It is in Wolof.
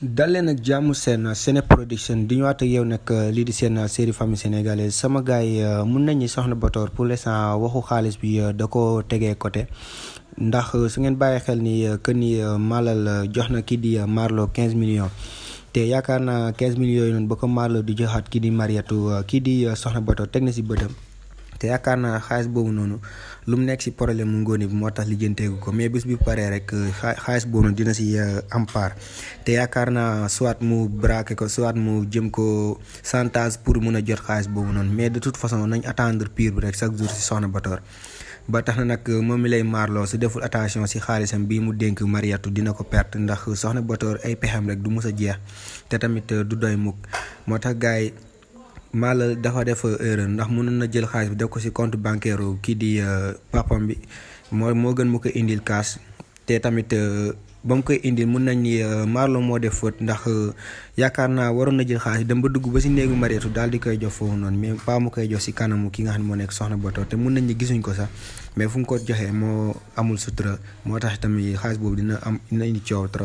dalee nag jàmm seen seen production di ñëwaat ak yow nag euh, lii di seen euh, série famille sénégalaise sama gars yi euh, mun nañu soxna Bator pour le l'instant waxu xaalis bi da ko tegee côté ndax su ngeen bàyyi xel ni que ni Malal jox na kii di Marlo 15 millions. te yaakaar naa 15 millions yooyu noonu ba ko Marlo di joxaat kii di Mariatu kii di soxna Bator teg na si bëtam. te yaakaar naa xaalis boobu noonu lu mu nekk si problème mu ngóone bi moo tax lijjanteegu ko mais bis bi paree rek euh, xaalis boobu noonu dina si euh, am part te yaakaar na soit mu braqué ko soit mu jëm ko chantage pour mën a jot xaalis boobu noonu mais de toute façon nañ attendre pire bi rek chaque jour si soxna Batoor ba tax na nag euh, moom mi lay maarloo su deful attention si xaalisam bi mu dénk Mariatu dina ko perte ndax soxna Batoor ay pexam rek du mus a jeex tamit du doy mukk Malla dafa def erreur ndax mënoon na jël xaalis bi def ko ci compte bancaire kii di euh, papam bi mooy moo gën mu ko indil kaas te tamit euh, ba mu koy indil mun nañ ni euh, Marlo moo def faute ndax yaakaar naa waroon na jël xaalis dem ba dugg ba ci néegu Mariétu daal di koy jox foofu noonu mais pas mu koy jox ci kanamu ki nga xam ne moo nekk soxna bootoo te mun nañ ni gisuñ ko sax mais fu mu ko joxee moo amul sutura moo tax tamit xaalis boobu dina am dina indi coow